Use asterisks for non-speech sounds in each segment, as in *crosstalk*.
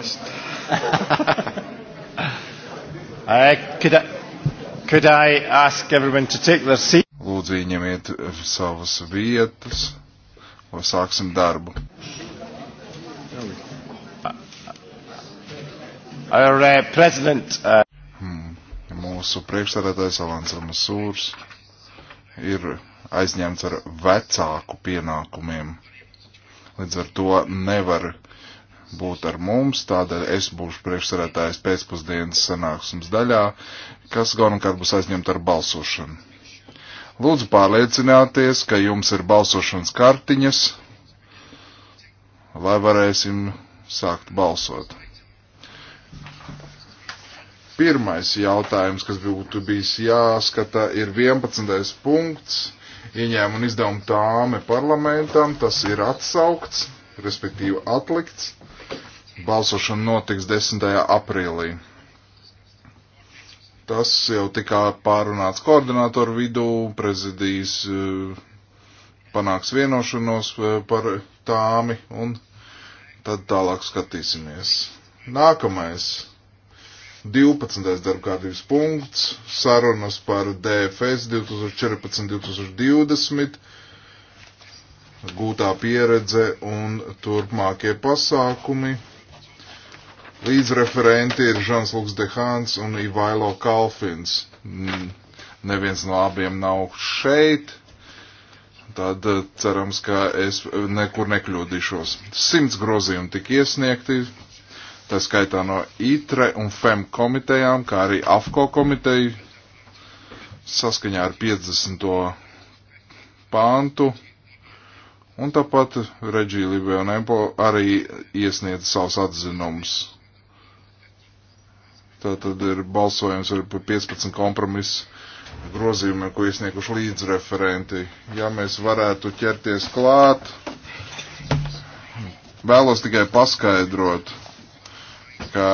breakfast. *laughs* uh, could, I, could I ask everyone to take their seat? Lūdzu, ieņemiet savas vietas, un sāksim darbu. Uh, our, uh, president, uh... Hmm. Mūsu priekšstādātājs Alans Ramasūrs ir aizņemts ar vecāku pienākumiem. Līdz ar to nevar uh, būt ar mums, tādēļ es būšu priekšsarētājs pēcpusdienas sanāksmes daļā, kas galvenokārt būs aizņemta ar balsošanu. Lūdzu pārliecināties, ka jums ir balsošanas kartiņas, lai varēsim sākt balsot pirmais jautājums, kas būtu bijis jāskata, ir 11. punkts ieņēmuma un izdevuma tāme parlamentam. Tas ir atsaukts, respektīvi atlikts. Balsošana notiks 10. aprīlī. Tas jau tikā pārunāts koordinātoru vidū, prezidijas eh, panāks vienošanos eh, par tāmi un tad tālāk skatīsimies. Nākamais. 12. darbkārtības punkts - sarunas par DFS 2014-2020, gūtā pieredze un turpmākie pasākumi. Līdzreferenti ir Žans Luks Dehāns un Ivailo Kalfins. Mm, neviens no abiem nav šeit. Tad eh, cerams, ka es nekur nekļūdīšos. Simts grozījumi tika iesniegti, tā skaitā no ITRE un FEM komitejām, kā arī AFCO komiteju saskaņā ar 50. pāntu. Un tāpat Reģija Libija un Empo arī iesniedz savus atzinumus Tā tad ir balsojums ar 15 kompromisu grozījumiem, ko iesnieguši līdzreferenti. Ja mēs varētu ķerties klāt, vēlos tikai paskaidrot, ka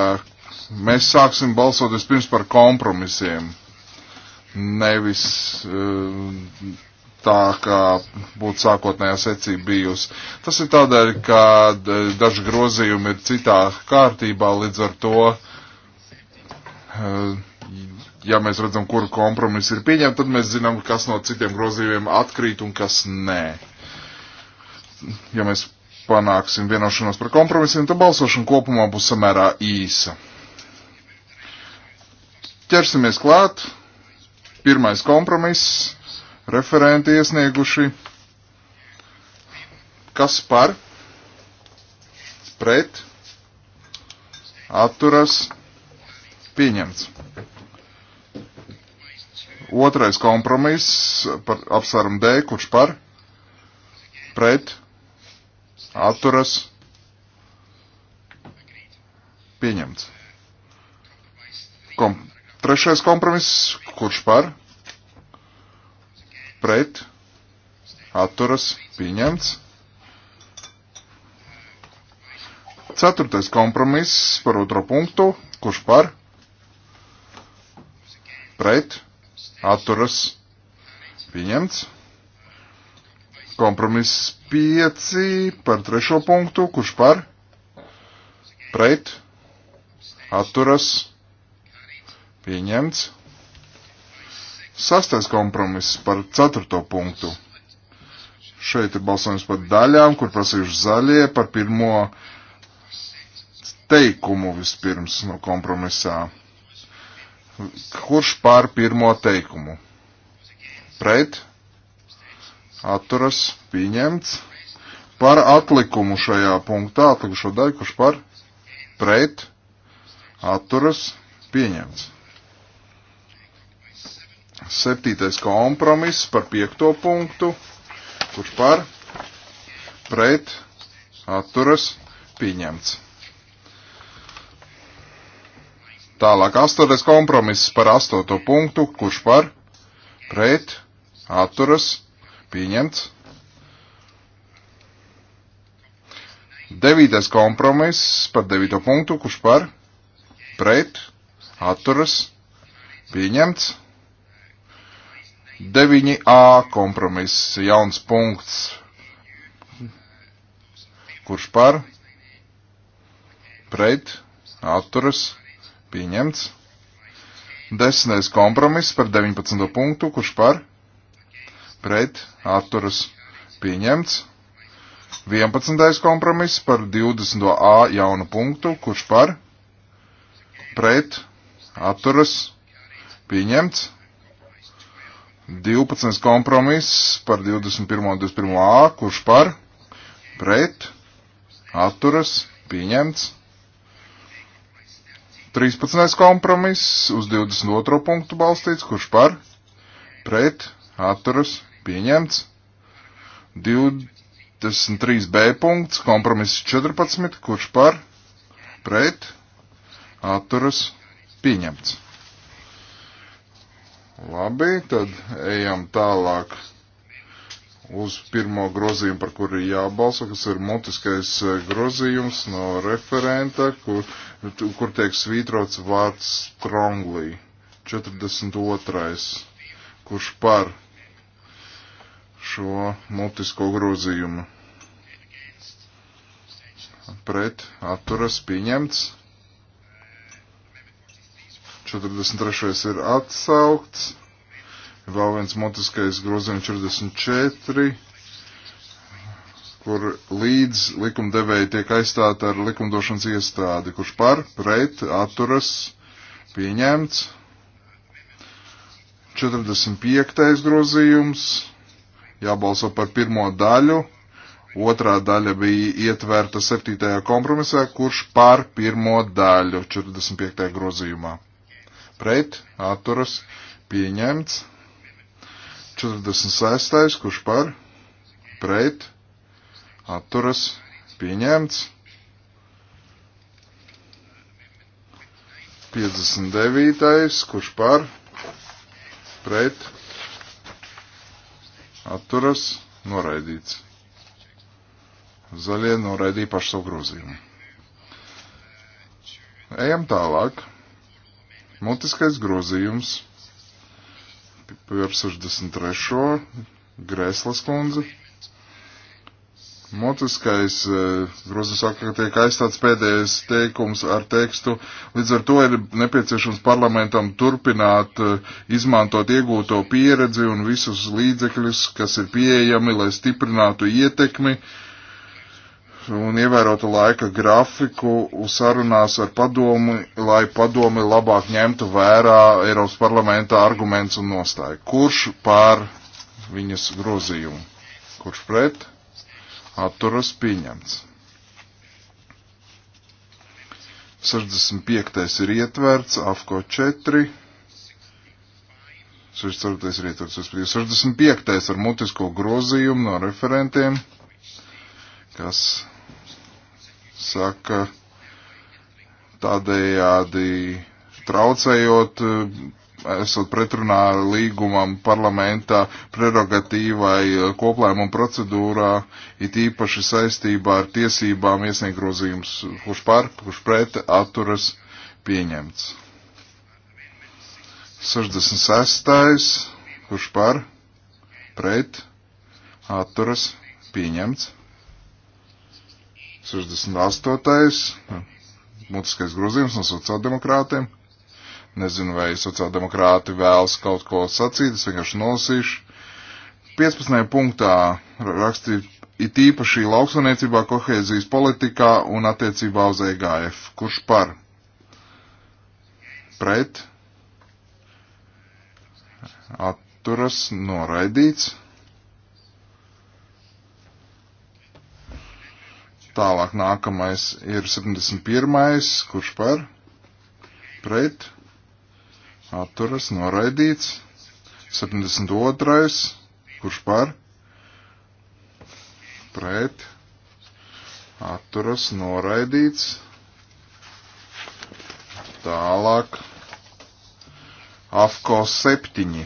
mēs sāksim balsot vispirms par kompromisiem. Nevis eh, tā, kā būtu sākotnējā secība bijusi. Tas ir tādēļ, ka eh, daži grozījumi ir citā kārtībā, līdz ar to uh, Eh, ja mēs redzam, kur kompromiss ir pieņemts, tad mēs zinām, kas no citiem grozījumiem atkrīt un kas nē. Ja mēs panāksim vienošanos par kompromisiem, tad balsošana kopumā būs samērā īsa. Ķersimies klāt. Pirmais kompromiss. Referenti iesnieguši. Kas par? Pret? Atturas? Pieņemts. Otrais kompromiss par apsvērumu D, kurš par, pret, atturas, pieņemts. Kom trešais kompromiss, kurš par, pret, atturas, pieņemts. Ceturtais kompromiss par otro punktu, kurš par, pret pret, atturas, pieņemts. Kompromiss 5 par trešo punktu, kurš par, pret, atturas, pieņemts. Sastais kompromiss par ceturto punktu. Šeit ir balsojums par daļām, kur prasījuši zaļie par pirmo teikumu vispirms no kompromisā Kurš pār pirmo teikumu? Pret? Atturas? Pieņemts. Par atlikumu šajā punktā, atlikušo daļu, kurš par? Pret? Atturas? Pieņemts. Septītais kompromiss par piekto punktu, kurš par? Pret? Atturas? Pieņemts. Tālāk astotais kompromiss par astoto punktu, kurš par pret atturas pieņemts. Devītais kompromiss par devīto punktu, kurš par pret atturas pieņemts. 9a kompromiss, jauns punkts, kurš par pret atturas pieņemts Pieņemts. Desmitais kompromiss par 19. punktu, kurš par pret atturas pieņemts. 11. kompromiss par 20a jaunu punktu, kurš par pret atturas pieņemts. 12. kompromiss par 21. un 21a, kurš par pret atturas pieņemts. 13. kompromiss uz 22. punktu balstīts, kurš par, pret, atturas, pieņemts. 23b punkts, kompromiss 14, kurš par, pret, atturas, pieņemts. Labi, tad ejam tālāk uz pirmo grozījumu, par kuru jābalso, kas ir mutiskais e, grozījums no referenta, kur, kur tiek svītrots vārds strongly. 42. Kurš par šo mutisko grozījumu? Pret atturas pieņemts. 43. ir atsaukts. Vēl viens mutiskais grozījums 44, kur līdz likumdevēja tiek aizstāta ar likumdošanas iestādi, kurš par, pret, atturas, pieņemts. 45. grozījums, jābalso par pirmo daļu, otrā daļa bija ietverta 7. kompromisā, kurš par pirmo daļu 45. grozījumā. Pret, atturas, pieņemts. 46. kurš par, pret, atturas, pieņemts. 59. kurš par, pret, atturas, noraidīts. Zaļie noraidīja pašu savu grozījumu. Ejam tālāk. Mutiskais grozījums par 63. Grēslas kundze. Motiskais e, grozījums saka, ka tiek aizstāts pēdējais teikums ar tekstu. Līdz ar to ir nepieciešams parlamentam turpināt e, izmantot iegūto pieredzi un visus līdzekļus, kas ir pieejami, lai stiprinātu ietekmi uh, un ievērotu laika grafiku sarunās ar padomi, lai padomi labāk ņemtu vērā Eiropas parlamenta arguments un nostāju. Kurš pār viņas grozījumu? Kurš pret? Atturas pieņemts. 65. ir ietverts, AFCO 4. 64. ir ietverts, 65. ar mutisko grozījumu no referentiem, kas saka, tādējādi traucējot, esot pretrunā līgumam parlamentā, prerogatīvai eh, koplēmuma procedūrā, it īpaši saistībā ar tiesībām iesniegt grozījums, kurš par, kurš pret, atturas pieņemts. 66. kurš par, pret, atturas pieņemts. 68. mutiskais grozījums no sociāldemokrātiem. Nezinu, vai sociāldemokrāti vēlas kaut ko sacīt, es vienkārši nolasīšu. 15. punktā rakstīt it īpaši lauksaimniecībā, kohēzijas politikā un attiecībā uz EGF. Kurš par? Pret? Atturas noraidīts. Tālāk nākamais ir 71. kurš par pret atturas noraidīts. 72. kurš par pret atturas noraidīts. Tālāk AFCO 7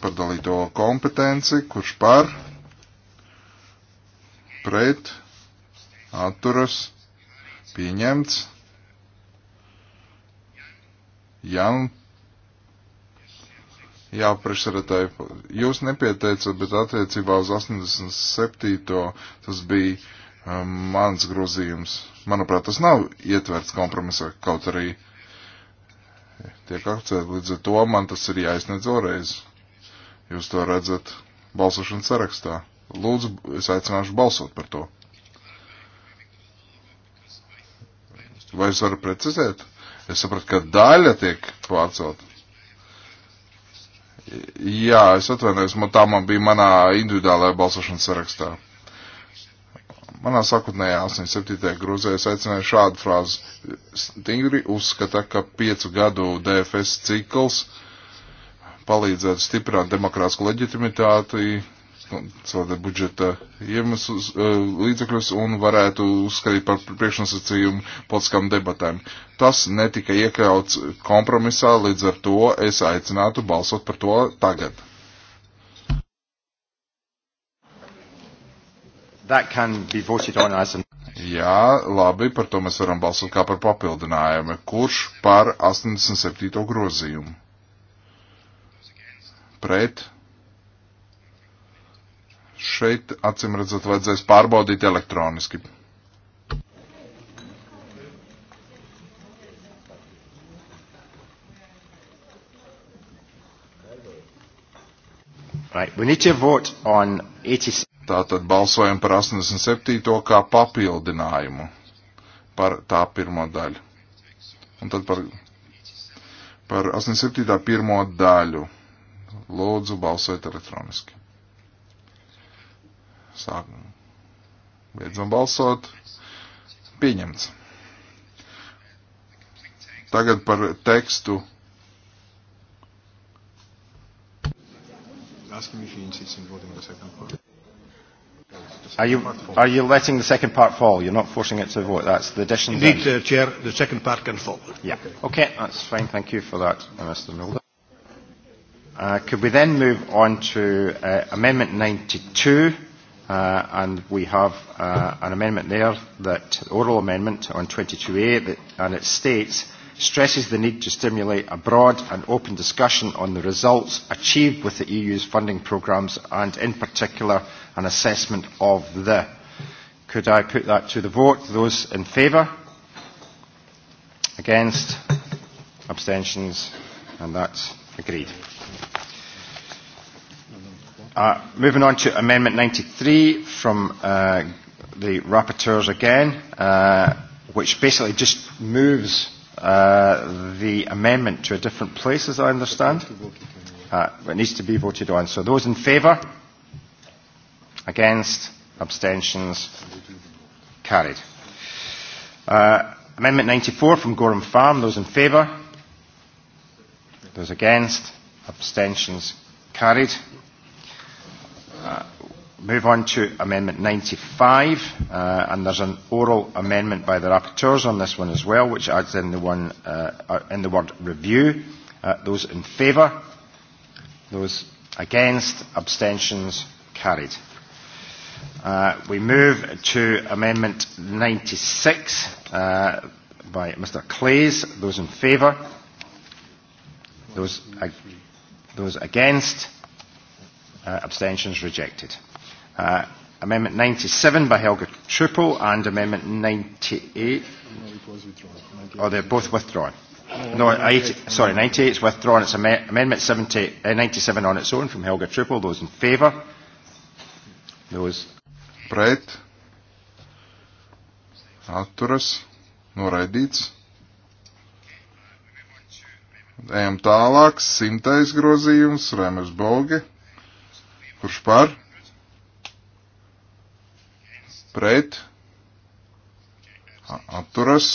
par dalīto kompetenci, kurš par pret atturas noraidīts atturas, pieņemts. Jan, jā, priekšsarētāji, jūs nepieteicat, bet attiecībā uz 87. tas bija um, mans grozījums. Manuprāt, tas nav ietverts kompromisā, kaut arī tiek akcēt. Līdz ar to man tas ir jāizniedz vēlreiz. Jūs to redzat balsošanas sarakstā. Lūdzu, es aicināšu balsot par to. Vai es varu precizēt? Es sapratu, ka daļa tiek pārcelt. Jā, es atvainojos, man tā man bija manā individuālajā balsošanas sarakstā. Manā sākotnējā 87. grūzē es aicināju šādu frāzi. Stingri uzskata, ka piecu gadu DFS cikls palīdzētu stiprināt demokrātisku leģitimitāti savādāk budžeta iemeslus, e, līdzekļus un varētu uzskatīt par priekšnosacījumu politiskām debatēm. Tas netika iekļauts kompromisā, līdz ar to es aicinātu balsot par to tagad. As... Jā, labi, par to mēs varam balsot kā par papildinājumu. Kurš par 87. grozījumu? Pret? Šeit, acim redzot, vajadzēs pārbaudīt elektroniski. Right, we need to vote on 86. Tātad balsojam par 87. kā papildinājumu par tā pirmo daļu. Un tad par, par 87. pirmo daļu. Lūdzu, balsojiet elektroniski. Sākam. Beidzam balsot. Pieņemts. Tagad par tekstu. Are you, are you letting the second part fall? You're not forcing it to vote. That's the addition. Indeed, uh, Chair, the second part can fall. Yeah. Okay, that's fine. Thank you for that, uh, Mr. Mulder. Uh, could we then move on to uh, Amendment 92? uh, and we have uh, an amendment there, that oral amendment on 22A, that, and it states, stresses the need to stimulate a broad and open discussion on the results achieved with the EU's funding programmes and, in particular, an assessment of the. Could I put that to the vote? Those in favour? Against? Abstentions? And that's agreed. Uh, moving on to Amendment 93 from uh, the rapporteurs again, uh, which basically just moves uh, the amendment to a different place, as I understand. Uh, it needs to be voted on. So those in favour? Against? Abstentions? Carried. Uh, amendment 94 from Gorham Farm. Those in favour? Those against? Abstentions? Carried. Uh, move on to Amendment 95, uh, and there's an oral amendment by the rapporteurs on this one as well, which adds in the, one, uh, uh in the word review. Uh, those in favour? Those against? Abstentions? Carried. Uh, we move to Amendment 96 uh, by Mr Clays. Those in favour? Those, ag- those against? Uh, abstentions rejected. Uh, amendment 97 by Helga Truppel and Amendment 98. No, it was withdrawn. 98. Oh, they're both withdrawn. No, 80, sorry, 98 is withdrawn. It's am- Amendment 70, uh, 97 on its own from Helga Truppel. Those in favour? Those. Pret. Atturas. Noraidīts. Ejam tālāk. Simtais grozījums. Rēmers Bogi. Kurš par? Pret? Atturas?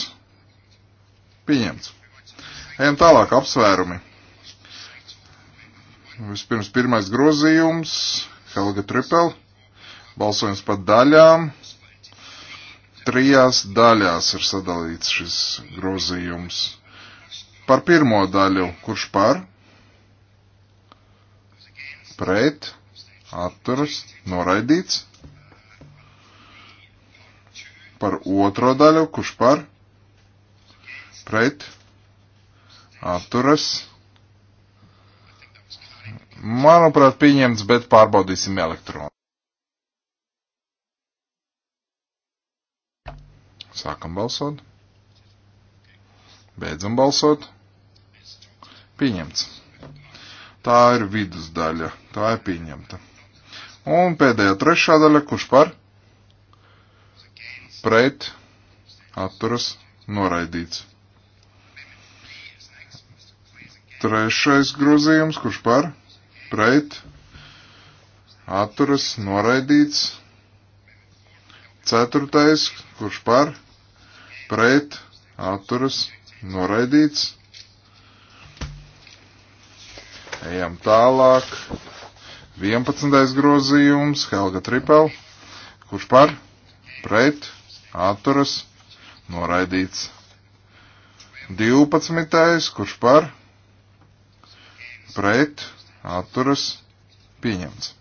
Pieņemts. Ejam tālāk, apsvērumi. Vispirms pirmais grozījums, Helga Tripel, balsojums par daļām. Trijās daļās ir sadalīts šis grozījums. Par pirmo daļu, kurš par? Pret? atturas noraidīts. Par otro daļu, kurš par pret atturas. Manuprāt, pieņemts, bet pārbaudīsim elektronu. Sākam balsot. Beidzam balsot. Pieņemts. Tā ir vidusdaļa. Tā ir pieņemta. Un pēdējā trešā daļa, kurš par? Pret, atturas, noraidīts. Trešais grozījums, kurš par? Pret, atturas, noraidīts. Ceturtais, kurš par? Pret, atturas, noraidīts. Ejam tālāk. 11. grozījums, Helga Tripel, kurš par, pret, atturas, noraidīts. 12. kurš par, pret, atturas, pieņemts.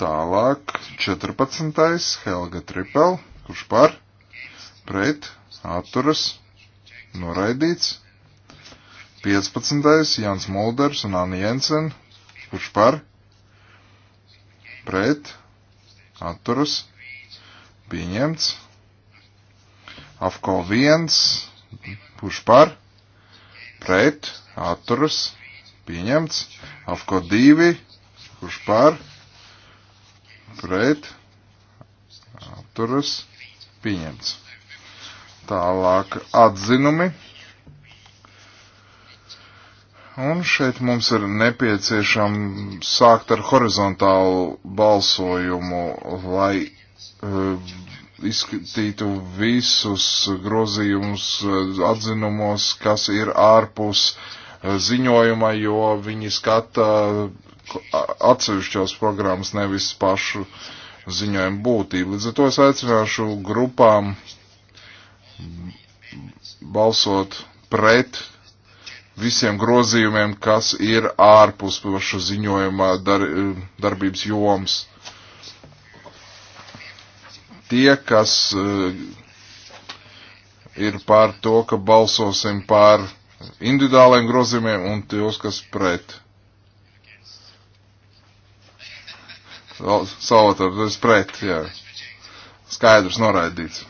Tālāk 14. Helga Tripel, kurš par, pret, atturas, noraidīts. 15. Jans Mulders un Anna Jensen, kurš par, pret, atturas, pieņemts. Afko 1, kurš par, pret, atturas, pieņemts. Afko 2, kurš par, pret, atturas, pieņemts. Tālāk atzinumi. Un šeit mums ir nepieciešams sākt ar horizontālu balsojumu, lai uh, izskatītu visus grozījumus eh, atzinumos, kas ir ārpus eh, ziņojuma, jo viņi skata atsevišķos programmas, nevis pašu ziņojumu būtību. Līdz ar to es aicināšu grupām balsot pret visiem grozījumiem, kas ir ārpus pašu ziņojumā dar, darbības joms. Tie, kas eh, ir pār to, ka balsosim pār individuāliem grozījumiem un tos, kas pret. Salvatore, tas pret, jā. Skaidrs, noraidīts.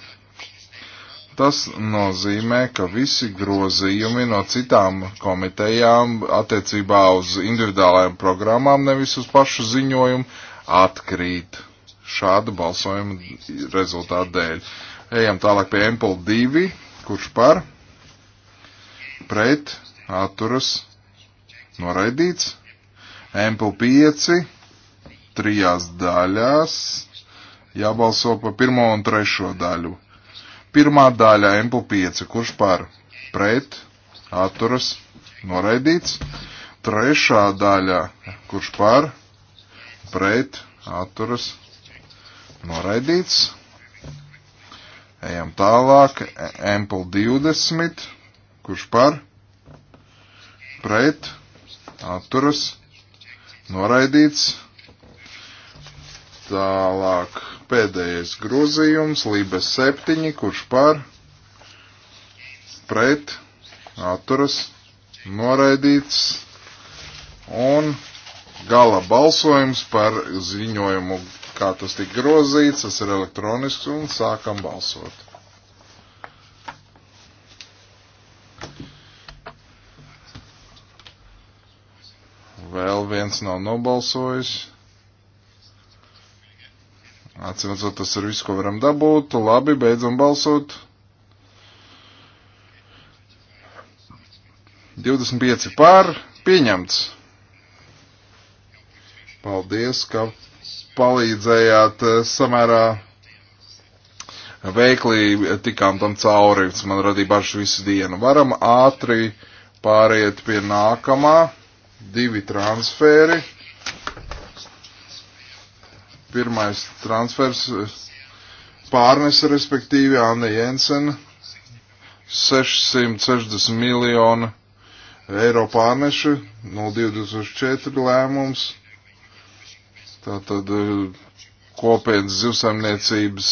Tas nozīmē, ka visi grozījumi no citām komitejām attiecībā uz individuālajām programmām, nevis uz pašu ziņojumu, atkrīt šādu balsojumu rezultātu dēļ. Ejam tālāk pie MPL 2, kurš par pret atturas noraidīts. MPL 5 trijās daļās jābalso pa pirmo un trešo daļu Pirmā daļa MP5, kurš par pret atturas noraidīts. Trešā daļa, kurš par pret atturas noraidīts. Ejam tālāk. Ample 20, kurš par pret atturas noraidīts. Tālāk pēdējais grozījums, Libe 7, kurš par, pret, atturas, noraidīts un gala balsojums par ziņojumu, kā tas tika grozīts, tas ir elektronisks un sākam balsot. Vēl viens nav nobalsojis. Atcīmredzot, tas ir viss, ko varam dabūt. Labi, beidzam balsot. 25 pār, pieņemts. Paldies, ka palīdzējāt eh, samērā veikli tikām tam cauri. Tas man radīja bažas visu dienu. Varam ātri pāriet pie nākamā. Divi transferi. Pirmais transfers pārnese, respektīvi Anna Jensen, 660 miljonu eiro pārnešu, 0204 lēmums. Tātad eh, kopienas zivsaimniecības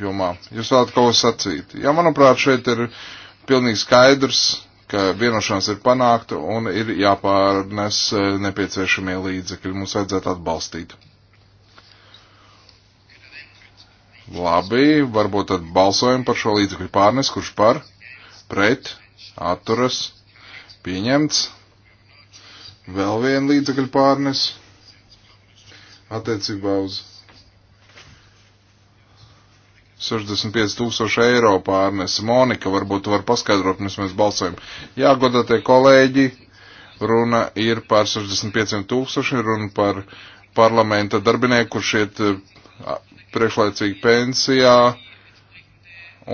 jomā. Jūs vēlat kaut ko sacīt? Jā, manuprāt, šeit ir pilnīgi skaidrs ka vienošanās ir panākta un ir jāpārnes e, nepieciešamie līdzekļi. Mums vajadzētu atbalstīt. Labi, varbūt tad balsojam par šo līdzekļu pārnes, kurš par, pret, atturas, pieņemts. Vēl viena līdzekļu pārnes attiecībā uz 65 tūkstoši eiro pārnes. Monika varbūt var paskaidrot, mēs mēs balsojam. Jā, godātie kolēģi, runa ir par 65 tūkstoši, runa par parlamenta darbinieku, kurš iet eh, priekšlaicīgi pensijā.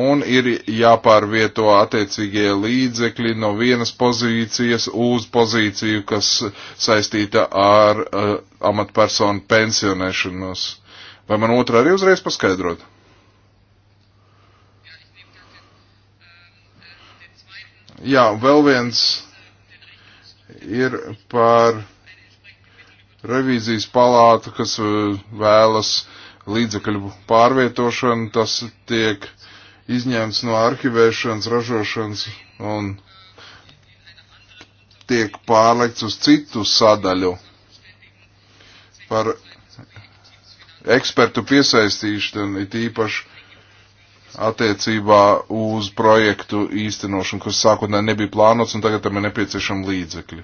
Un ir jāpārvieto attiecīgie līdzekļi no vienas pozīcijas uz pozīciju, kas saistīta ar uh, amatpersonu pensionēšanos. Vai man otrā arī uzreiz paskaidrot? jā, vēl viens ir par revīzijas palātu, kas uh, vēlas līdzekļu pārvietošanu. Tas tiek izņemts no arhivēšanas, ražošanas un tiek pārlikts uz citu sadaļu par ekspertu piesaistīšanu, it īpaši attiecībā uz projektu īstenošanu, kas sākotnēji nebija plānots un tagad tam ir nepieciešama līdzekļi.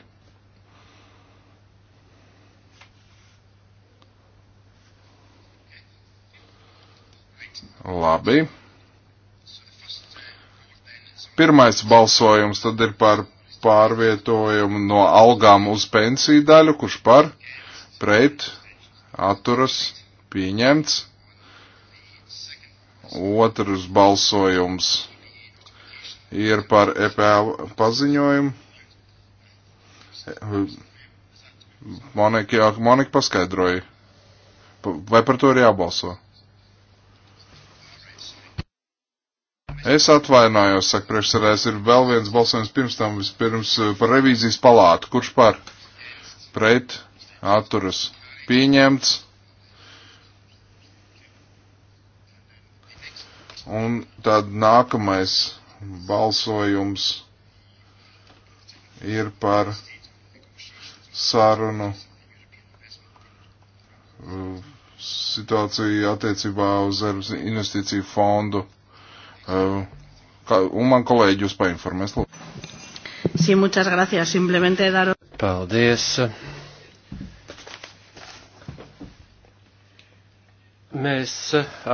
Labi. Pirmais balsojums tad ir par pārvietojumu no algām uz pensiju daļu, kurš par, pret, atturas, pieņemts. Otrs balsojums ir par EPL paziņojumu. Monika, jā, Monika paskaidroja. Vai par to ir jābalso? Es atvainojos, saka priekšsarēs, ir vēl viens balsojums pirms tam, vispirms eh, par revīzijas palātu. Kurš par? Pret? Atturas? Pieņemts? Un tad nākamais balsojums ir par sarunu uh, situāciju attiecībā uz investīciju fondu. Uh, un man kolēģi jūs painformēs. Sí, muchas gracias. Simplemente daros. Paldies. Mēs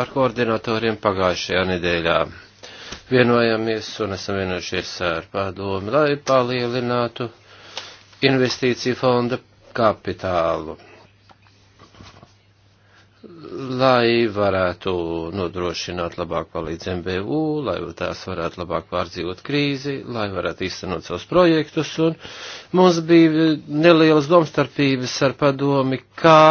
ar koordinatoriem pagājušajā nedēļā vienojamies un esam vienojušies ar padomu, lai palielinātu investīciju fonda kapitālu, lai varētu nodrošināt labāk palīdz MBU, lai tās varētu labāk pārdzīvot krīzi, lai varētu īstenot savus projektus, un mums bija nelielas domstarpības ar padomi, kā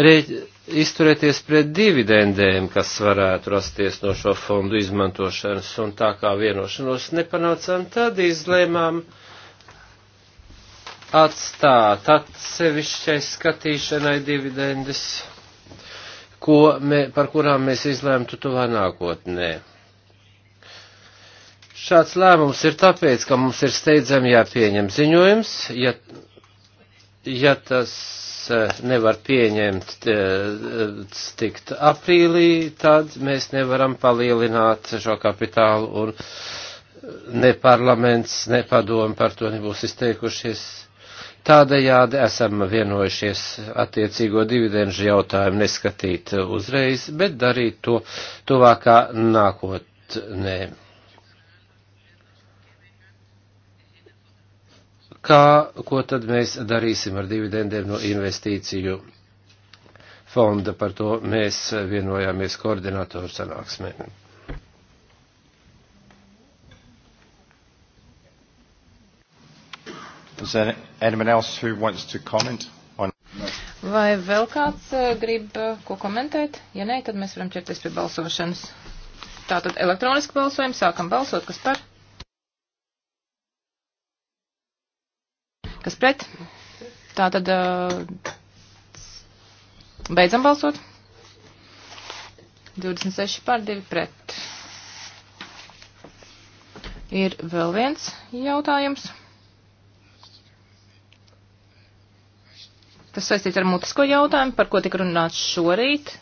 rēķināt izturēties pret dividendēm, kas varētu rasties no šo fondu izmantošanas, un tā kā vienošanos nepanācām, tad izlēmām atstāt atsevišķai skatīšanai dividendes, ko mē, par kurām mēs izlēmtu tuvā nākotnē. Šāds lēmums ir tāpēc, ka mums ir steidzami jāpieņem ziņojums, ja, ja tas Eh, nevar pieņemt eh, tikt aprīlī, tad mēs nevaram palielināt šo kapitālu un ne parlaments, ne padomu par to nebūs izteikušies. Tādējādi esam vienojušies attiecīgo dividenžu jautājumu neskatīt uzreiz, bet darīt to tuvākā nākotnē. kā, ko tad mēs darīsim ar dividendiem no investīciju fonda. Par to mēs vienojāmies koordinatoru sanāksmē. Is there anyone else who wants to comment on? Vai vēl kāds eh, grib eh, ko komentēt? Ja nē, tad mēs varam ķerties pie balsošanas. Tātad elektroniski balsojam, sākam balsot, kas par? Kas pret? Tā tad beidzam balsot. 26 pār 2 pret. Ir vēl viens jautājums. Tas saistīts ar mutisko jautājumu, par ko tika runāts šorīt.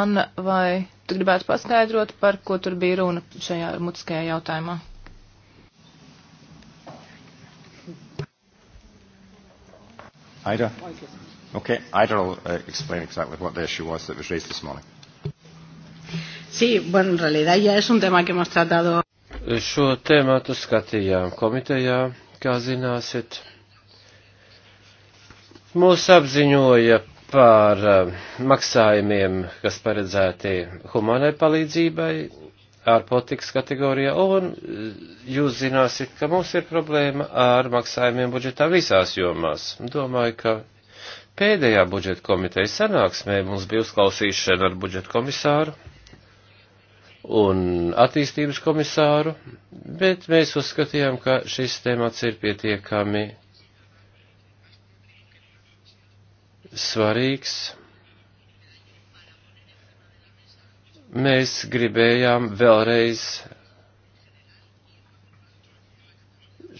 Anna, vai tu gribētu paskaidrot, par ko tur bija runa šajā mutiskajā jautājumā? Ida? Okay, Ida will uh, explain exactly what the issue was that was raised this morning. Sí, bueno, en realidad ya es un tema que hemos tratado. Šo tēmātu skatījām komitejā, kā zināsiet. Mūs apziņoja par uh, maksājumiem, kas paredzēti humanai palīdzībai, ārpolitikas kategorijā, un eh, jūs zināsiet, ka mums ir problēma ar maksājumiem budžetā visās jomās. Domāju, ka pēdējā budžeta komiteja sanāksmē mums bija uzklausīšana ar budžeta komisāru un attīstības komisāru, bet mēs uzskatījām, ka šis temats ir pietiekami svarīgs mēs gribējām vēlreiz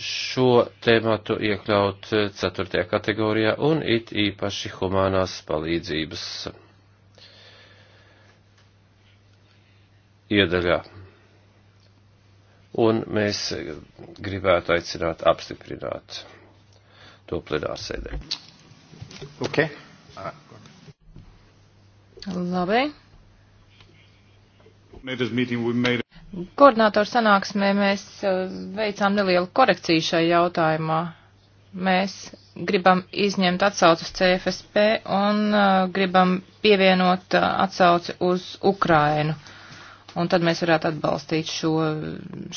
šo tēmatu iekļaut 4. kategorijā un it īpaši humanās palīdzības iedaļā. Un mēs gribētu aicināt apstiprināt to plenārsēdē. Ok. Labi. Koordinātoru sanāksmē mēs uh, veicām nelielu korekciju šai jautājumā. Mēs gribam izņemt atsaucu uz CFSP un uh, gribam pievienot uh, atsauci uz Ukrainu. Un tad mēs varētu atbalstīt šo,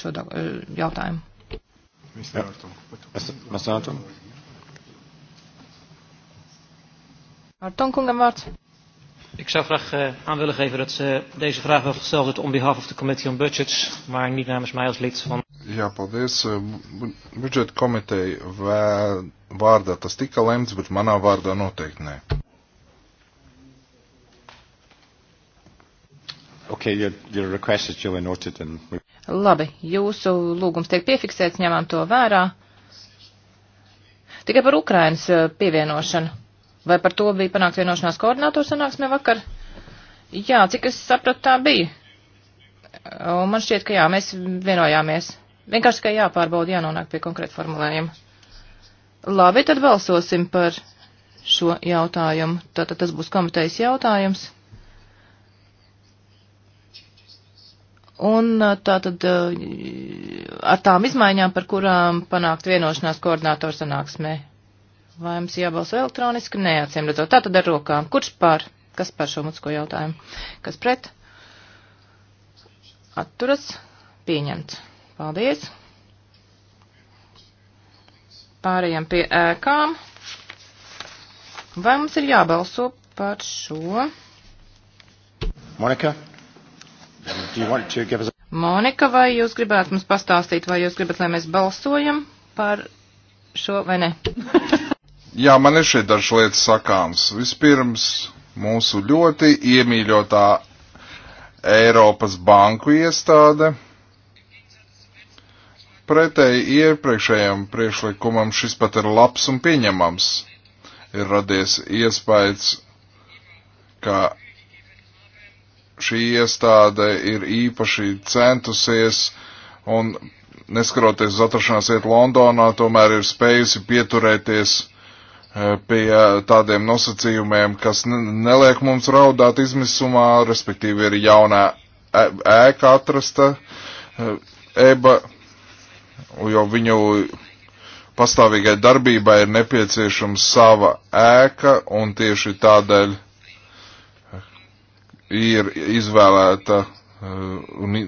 šo da, uh, jautājumu. Jā. Es, mēs Artonkungam vārds. Ik zou graag uh, aan willen geven dat uh, deze vraag wel gesteld wordt on behalf of the Committee on Budgets, maar niet namens mij als lid van. Jā, paldies. Eh, Budžeta komiteja vārdā tas tika lemts, bet manā vārdā noteikti nē. Okay, your, your request is duly noted and... Labi, jūsu lūgums tiek piefiksēts, ņemam to vērā. Tikai par Ukrainas eh, pievienošanu. Vai par to bija panākt vienošanās koordinātoru sanāksmē vakar? Jā, cik es sapratu, tā bija. Un man šķiet, ka jā, mēs vienojāmies. Vienkārši tikai jāpārbauda, jānonāk pie konkrēta formulējuma. Labi, tad balsosim par šo jautājumu. Tātad tas būs komitejas jautājums. Un uh, tātad uh, ar tām izmaiņām, par kurām panākt vienošanās koordinātoru sanāksmē. Vai mums jābalso elektroniski? Nē, acīm redzot. Tā tad ar rokām. Kurš pār? Kas par šo mucko jautājumu? Kas pret? Atturas. Pieņemts. Paldies. Pārējām pie ēkām. Vai mums ir jābalso par šo? Monika? Us... Monika, vai jūs gribētu mums pastāstīt, vai jūs gribat, lai mēs balsojam par šo vai ne? Jā, man ir šeit dažas lietas sakāms. Vispirms mūsu ļoti iemīļotā Eiropas banku iestāde. Pretēji iepriekšējam priekšlikumam šis pat ir labs un pieņemams. Ir radies iespējas, ka šī iestāde ir īpaši centusies un neskaroties uz atrašanās vietu Londonā, tomēr ir spējusi pieturēties Eh, pie eh, tādiem nosacījumiem, kas neliek mums raudāt izmisumā, respektīvi ir jaunā ēka atrasta eh, eba, jo viņu pastāvīgai darbībai ir nepieciešama sava ēka, un tieši tādēļ ir izvēlēta un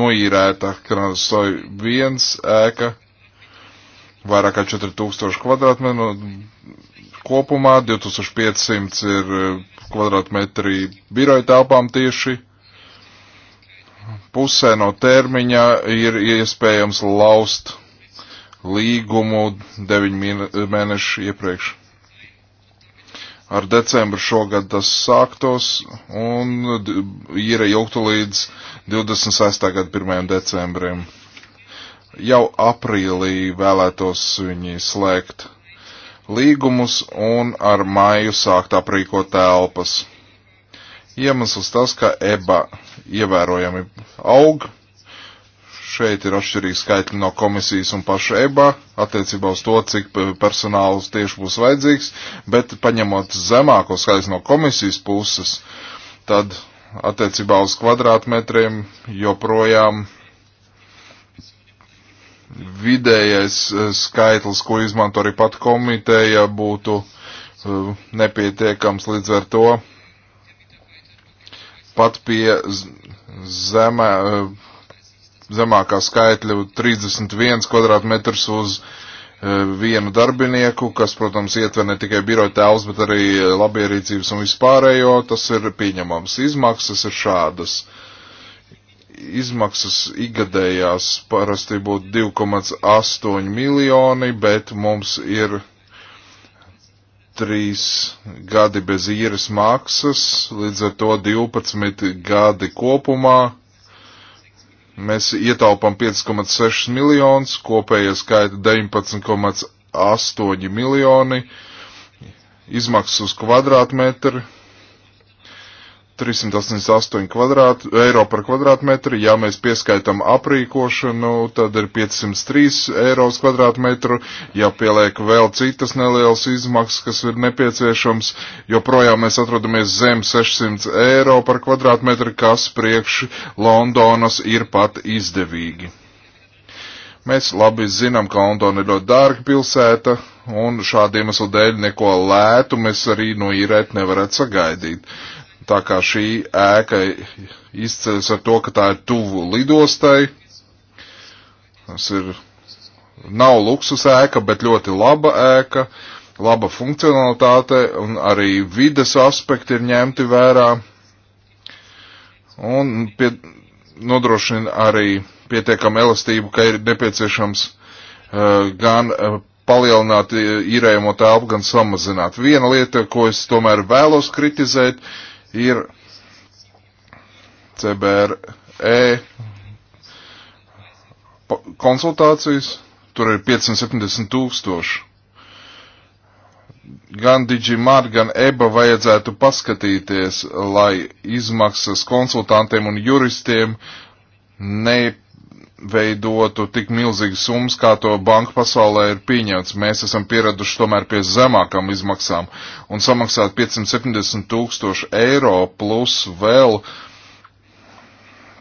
noīrēta Kranasoja viens ēka, vairāk kā 4000 kvadrātmetru kopumā, 2500 ir eh, kvadrātmetri biroja telpām tieši. Pusē no termiņa ir iespējams laust līgumu 9 eh, mēnešu iepriekš. Ar decembru šogad tas sāktos un īra ilgtu līdz 26. gada 1. decembrim. Jau aprīlī vēlētos viņi slēgt līgumus un ar māju sākt aprīkot telpas. Iemesls tas, ka EBA ievērojami aug. Šeit ir atšķirīgi skaitļi no komisijas un paša EBA attiecībā uz to, cik personāls tieši būs vajadzīgs, bet paņemot zemāko skaitļus no komisijas puses, tad attiecībā uz kvadrātmetriem joprojām vidējais eh, skaitlis, ko izmanto arī pat komiteja, būtu eh, nepietiekams līdz ar to. Pat pie zemē, eh, zemākā skaitļa 31 kvadrātmetrs uz vienu darbinieku, kas, protams, ietver ne tikai biroja tēlus, bet arī labierīcības un vispārējo, tas ir pieņemams. Izmaksas ir šādas. Uh, izmaksas igadējās parasti būtu 2,8 miljoni, bet mums ir trīs gadi bez īres maksas, līdz ar to 12 gadi kopumā. Mēs ietaupam 5,6 miljonus, kopējie skaita 19,8 miljoni, izmaksas uz kvadrātmetru 388 kvadrāt, eiro par kvadrātmetru, ja mēs pieskaitam aprīkošanu, tad ir 503 eiro uz kvadrātmetru, ja pieliek vēl citas nelielas izmaksas, kas ir nepieciešams, joprojām mēs atrodamies zem 600 eiro par kvadrātmetru, kas priekš Londonas ir pat izdevīgi. Mēs labi zinām, ka Londona ir ļoti dārga pilsēta, un šādu iemeslu dēļ neko lētu mēs arī no īrēt nevarētu sagaidīt. Tā kā šī ēka izceļas ar to, ka tā ir tuvu lidostai. Tas ir nav luksus ēka, bet ļoti laba ēka, laba funkcionalitāte un arī vides aspekti ir ņemti vērā. Un pie, nodrošina arī pietiekam elastību, ka ir nepieciešams uh, gan uh, palielināt eh, īrējamo telpu, gan samazināt. Viena lieta, ko es tomēr vēlos kritizēt, uh, ir CBRE konsultācijas, tur ir 570 tūkstoši. Gan Digimar, gan EBA vajadzētu paskatīties, lai izmaksas konsultantiem un juristiem ne, veidotu tik milzīgas summas, kā to banka pasaulē ir pieņemts. Mēs esam pieraduši tomēr pie zemākām izmaksām un samaksāt 570 tūkstoši eiro plus vēl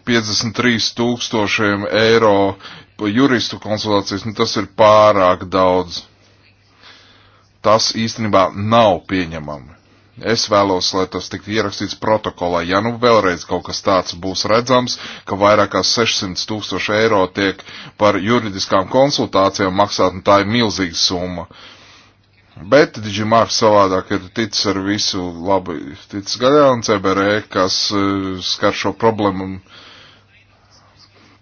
53 tūkstošiem eiro juristu konsultācijas, nu tas ir pārāk daudz. Tas īstenībā nav pieņemami. Es vēlos, lai tas tiktu ierakstīts protokolā. Ja nu vēlreiz kaut kas tāds būs redzams, ka vairāk kā 600 tūkstoši eiro tiek par juridiskām konsultācijām maksāt, un tā ir milzīga summa. Bet Digimārks savādāk ir ticis ar visu labi, ticis gaļā un CBRE, kas uh, skar šo problēmu.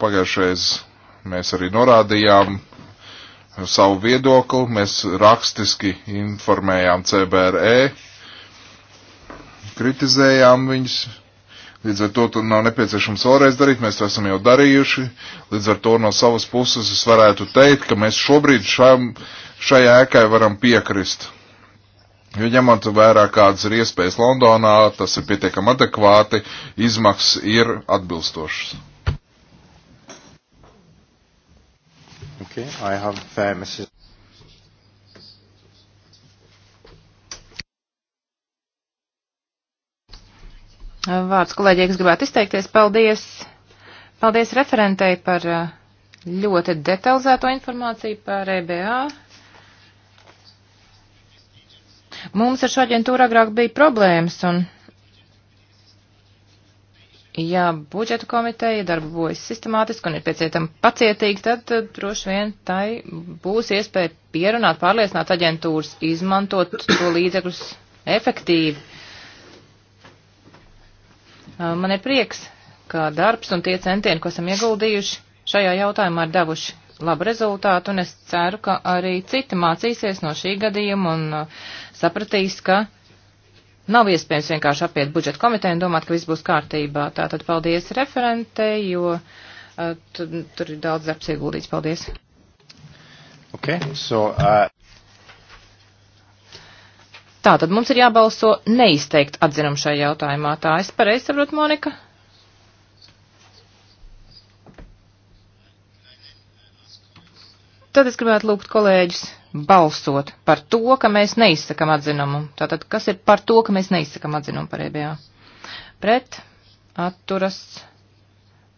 Pagājušais mēs arī norādījām, savu viedokli, mēs rakstiski informējām CBRE kritizējām viņus. Līdz ar to tur nav nepieciešams vēlreiz darīt, mēs to esam jau darījuši. Līdz ar to no savas puses es varētu teikt, ka mēs šobrīd šam, šai ēkai varam piekrist. Jo ņemot vērā, kādas ir iespējas Londonā, tas ir pietiekami adekvāti, izmaksas ir atbilstošas. Okay, I have, uh, Mrs. Vārds kolēģi, es gribētu izteikties. Paldies! Paldies referentei par uh, ļoti detalizēto informāciju par EBA. Mums ar šo aģentūru agrāk bija problēmas, un ja budžeta komiteja darbojas sistemātiski un ir piecietami pacietīgi, tad, tad droši vien tai būs iespēja pierunāt, pārliecināt aģentūras, izmantot to līdzekļus efektīvi. Uh, man ir prieks, ka darbs un tie centieni, ko esam ieguldījuši, šajā jautājumā ir devuši labu rezultātu, un es ceru, ka arī citi mācīsies no šī gadījuma un uh, sapratīs, ka nav iespējams vienkārši apiet budžeta komiteju un domāt, ka viss būs kārtībā. Tātad paldies referentei, jo uh, tur, tur ir daudz darbs ieguldīts. Paldies! Okay, so, uh, Tā tad mums ir jābalso neizteikt atzinumu šajā jautājumā. Tā es pareizi saprotu, Monika? Tad es gribētu lūgt kolēģis balsot par to, ka mēs neizsakam atzinumu. Tātad, kas ir par to, ka mēs neizsakam atzinumu par EBA? Pret, atturas,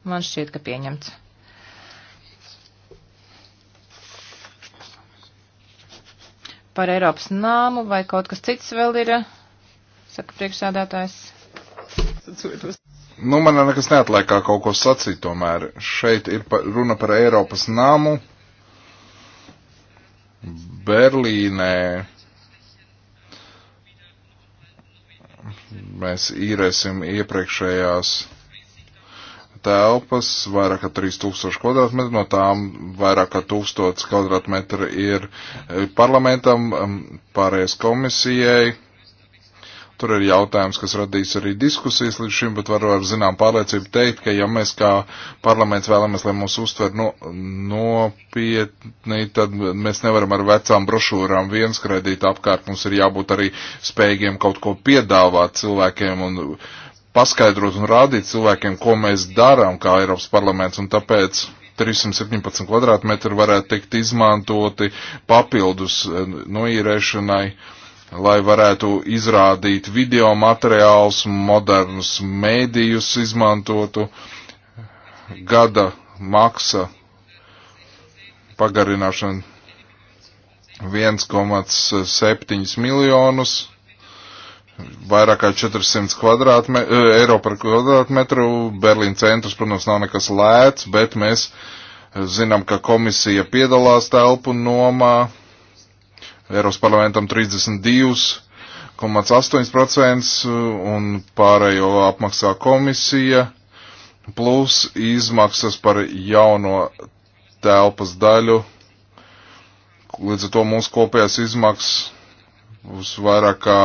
man šķiet, ka pieņemts. par Eiropas nāmu vai kaut kas cits vēl ir, saka priekšsādātājs. Nu, man nekas neatliek kā kaut ko sacīt tomēr. Šeit ir pa, runa par Eiropas nāmu. Berlīnē mēs īrēsim iepriekšējās telpas, vairāk kā 3000 kvadrātmetru, no tām vairāk kā 1000 kvadrātmetru ir eh, parlamentam, pārējais komisijai. Tur ir jautājums, kas radīs arī diskusijas līdz šim, bet varu ar zinām pārliecību teikt, ka ja mēs kā parlaments vēlamies, lai mūs uztver no, nopietni, tad mēs nevaram ar vecām brošūrām viens kredīt apkārt. Mums ir jābūt arī spējīgiem kaut ko piedāvāt cilvēkiem un uh, paskaidrot un rādīt cilvēkiem, ko mēs darām kā Eiropas parlaments, un tāpēc 317 kvadrātmetri varētu tikt izmantoti papildus eh, noīrēšanai, lai varētu izrādīt video materiālus, modernus mēdījus izmantotu, gada maksa pagarināšana 1,7 eh, miljonus vairāk kā 400 kvadrātme, eh, eiro par kvadrātmetru. Berlīna centrs, protams, nav nekas lēts, bet mēs zinām, ka komisija piedalās telpu nomā. Eiropas parlamentam 32,8% un pārējo apmaksā komisija, plus izmaksas par jauno telpas daļu. Līdz ar to mūsu kopējās izmaksas uz vairāk kā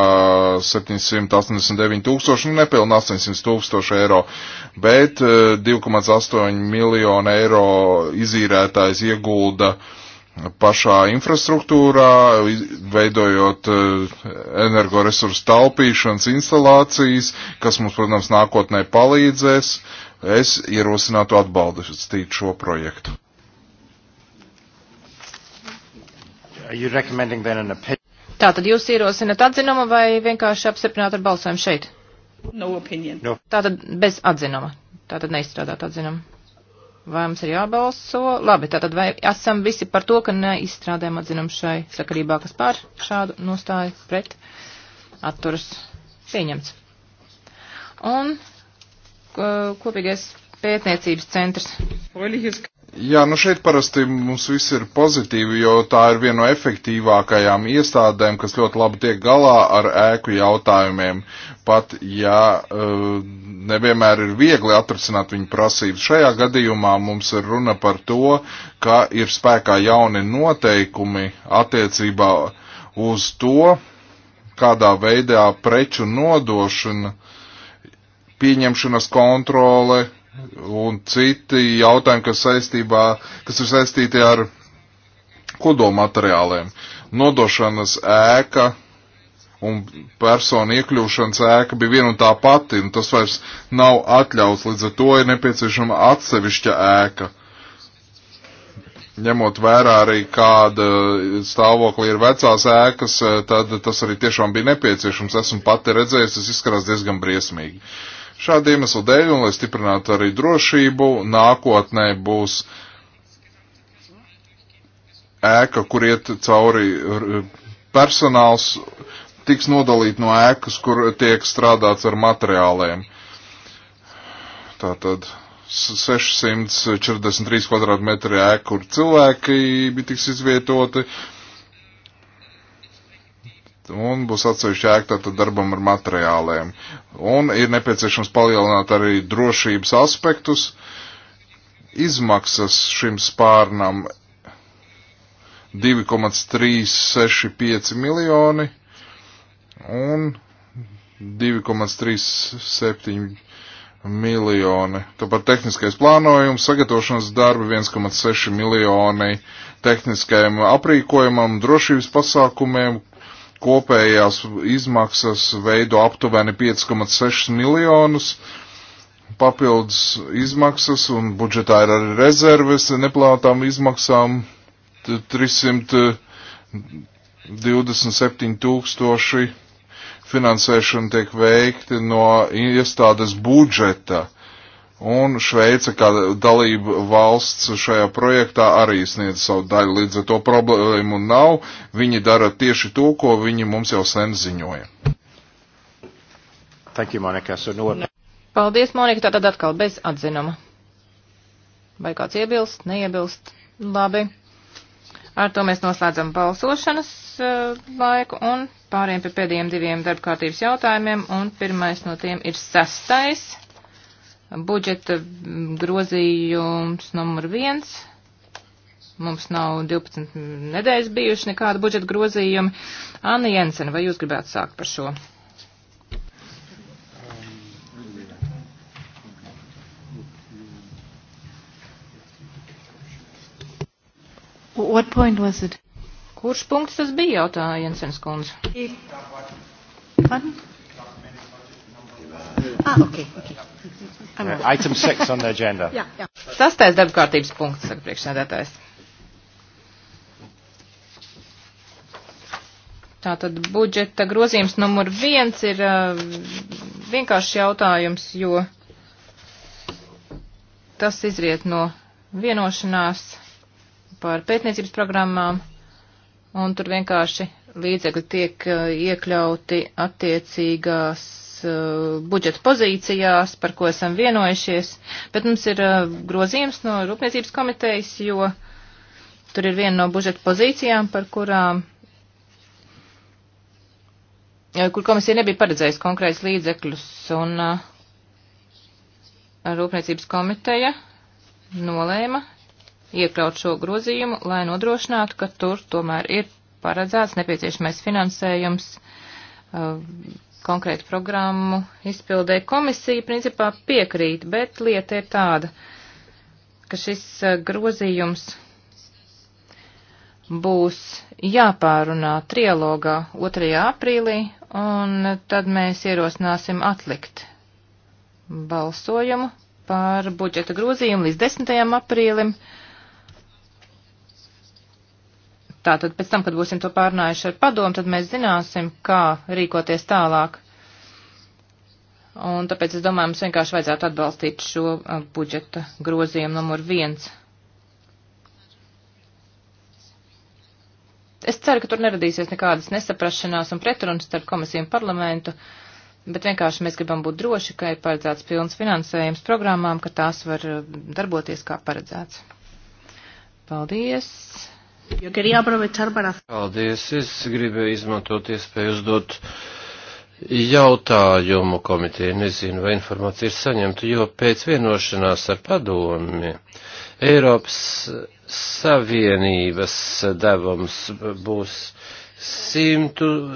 789 tūkstoši, nu nepilnā 800 tūkstoši eiro, bet 2,8 eh, miljonu eiro izīrētājs iegulda pašā infrastruktūrā, veidojot eh, energoresursu taupīšanas instalācijas, kas mums, protams, nākotnē palīdzēs. Es ierosinātu atbalstīt šo projektu. Tātad jūs ierosinat atzinumu vai vienkārši apstiprināt ar balsojumu šeit? No opinion. No. Tātad bez atzinuma. Tātad neizstrādāt atzinumu. Vai mums ir jābalso? Labi, tātad vai esam visi par to, ka neizstrādājam atzinumu šai sakarībā, kas pār šādu nostāju pret atturas pieņemts. Un kopīgais pētniecības centrs. Jā, nu šeit parasti mums viss ir pozitīvi, jo tā ir viena no efektīvākajām iestādēm, kas ļoti labi tiek galā ar ēku jautājumiem, pat ja eh, nevienmēr ir viegli atracināt viņu prasības. Šajā gadījumā mums ir runa par to, ka ir spēkā jauni noteikumi attiecībā uz to, kādā veidā preču nodošana, pieņemšanas kontrole, un citi jautājumi, kas, saistībā, kas ir saistīti ar kodolmateriāliem. Nodošanas ēka un persona iekļūšanas ēka bija viena un tā pati, un tas vairs nav atļauts, līdz ar to ir nepieciešama atsevišķa ēka. Ņemot vērā arī, kāda stāvokli ir vecās ēkas, tad tas arī tiešām bija nepieciešams. Esmu pati redzējis, tas izskatās diezgan briesmīgi. Uh, Šādi iemesli dēļ, un lai stiprinātu arī drošību, nākotnē būs ēka, kur iet cauri personāls, tiks nodalīt no ēkas, kur tiek strādāts ar materiāliem. Tātad 643 kvadrātmetri ēka, kur cilvēki tiks izvietoti, un būs atsevišķi ēkta tad darbam ar materiāliem. Un ir nepieciešams palielināt arī drošības aspektus. Izmaksas šim spārnam 2,365 miljoni un 2,37 miljoni. Tāpat tehniskais plānojums, sagatavošanas darbi 1,6 miljoni tehniskajam aprīkojumam, drošības pasākumiem, kopējās izmaksas veido aptuveni 5,6 miljonus papildus izmaksas un budžetā ir arī rezerves neplātām izmaksām 327 tūkstoši finansēšana tiek veikti no iestādes budžeta Un Šveice, kā dalība valsts šajā projektā, arī sniedz savu daļu. Līdz ar to problēmu nav. Viņi dara tieši to, ko viņi mums jau sen ziņoja. Thank you, Monika. So no... Paldies, Monika. Tātad atkal bez atzinuma. Vai kāds iebilst? Neiebilst. Labi. Ar to mēs noslēdzam balsošanas uh, laiku un pāriem pie pēdējiem diviem darbkārtības jautājumiem. Un pirmais no tiem ir sastais budžeta grozījums numur viens. Mums nav 12 nedēļas bijuši nekāda budžeta grozījumi. Anna Jensen, vai jūs gribētu sākt par šo? What point was it? Kurš punkts tas bija, jautāja Jensens kundze? Pardon? Ah, okay, okay. Item 6 on the agenda. jā, jā. Sastais darba kārtības punkts, saka priekšsēdētājs. Tātad budžeta grozījums numur viens ir uh, vienkārši jautājums, jo tas izriet no vienošanās par pētniecības programmām, un tur vienkārši līdzekļi tiek uh, iekļauti attiecīgās uh, budžeta pozīcijās, par ko esam vienojušies, bet mums ir uh, grozījums no Rūpniecības komitejas, jo tur ir viena no budžeta pozīcijām, par kurām, uh, kur komisija nebija paredzējusi konkrēts līdzekļus, un uh, Rūpniecības komiteja nolēma iekļaut šo grozījumu, lai nodrošinātu, ka tur tomēr ir paredzēts nepieciešamais finansējums uh, konkrētu programmu izpildē. Komisija principā piekrīt, bet lieta ir tāda, ka šis eh, grozījums būs jāpārunā trialogā 2. aprīlī, un tad mēs ierosināsim atlikt balsojumu par budžeta grozījumu līdz 10. aprīlim. Uh, Tātad pēc tam, kad būsim to pārnājuši ar padomu, tad mēs zināsim, kā rīkoties tālāk. Un tāpēc es domāju, mums vienkārši vajadzētu atbalstīt šo budžeta grozījumu numur viens. Es ceru, ka tur neradīsies nekādas nesaprašanās un pretrunas starp komisiju un parlamentu, bet vienkārši mēs gribam būt droši, ka ir paredzēts pilns finansējums programmām, ka tās var darboties kā paredzēts. Paldies! Paldies, es gribēju izmantot iespēju uzdot jautājumu komiteju. Nezinu, vai informācija ir saņemta, jo pēc vienošanās ar padomi Eiropas Savienības devums būs 100,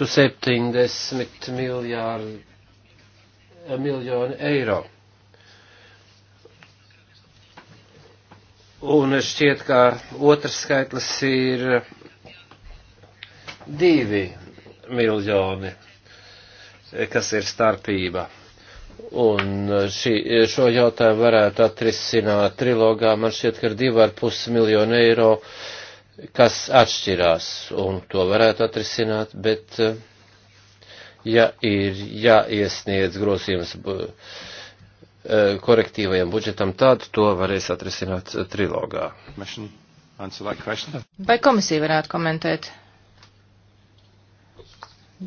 170 miljārdi, miljoni eiro. Un šķiet, ka otrs skaitlis ir divi miljoni, kas ir starpība. Un šī, šo jautājumu varētu atrisināt trilogā. Man šķiet, ka ir divi ar pus miljonu eiro, kas atšķirās, un to varētu atrisināt, bet ja ir jāiesniedz ja grozījums E, korektīvajam budžetam, tad to varēs atrisināt trilogā. Vai komisija varētu komentēt?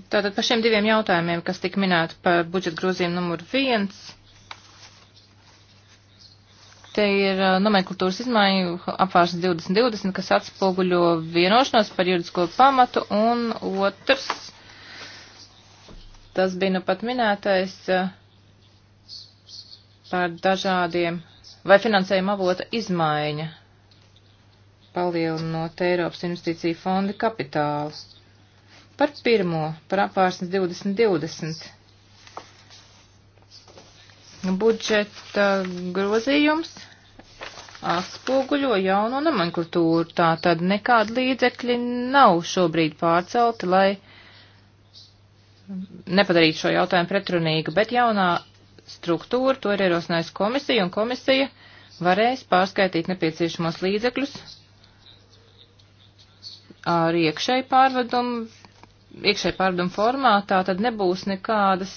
Tātad par šiem diviem jautājumiem, kas tika minēti par budžeta grozījumu numur viens. Te ir e, nomenklatūras izmaiņu apvārsnes 2020, kas atspoguļo vienošanos par juridisko pamatu, un otrs, tas bija nu pat minētais, uh, par dažādiem vai finansējuma avota izmaiņa palielinot Eiropas investīciju fonda kapitālu. Par pirmo, par apvārsnes 2020. Budžeta grozījums atspoguļo jauno nomenklatūru, tā tad nekāda līdzekļi nav šobrīd pārcelti, lai nepadarītu šo jautājumu pretrunīgu, bet jaunā struktūru, to ir ierosinājusi komisija, un komisija varēs pārskaitīt nepieciešamos līdzekļus ar iekšēju pārvadumu, iekšēju pārvadumu formātā, tad nebūs nekādas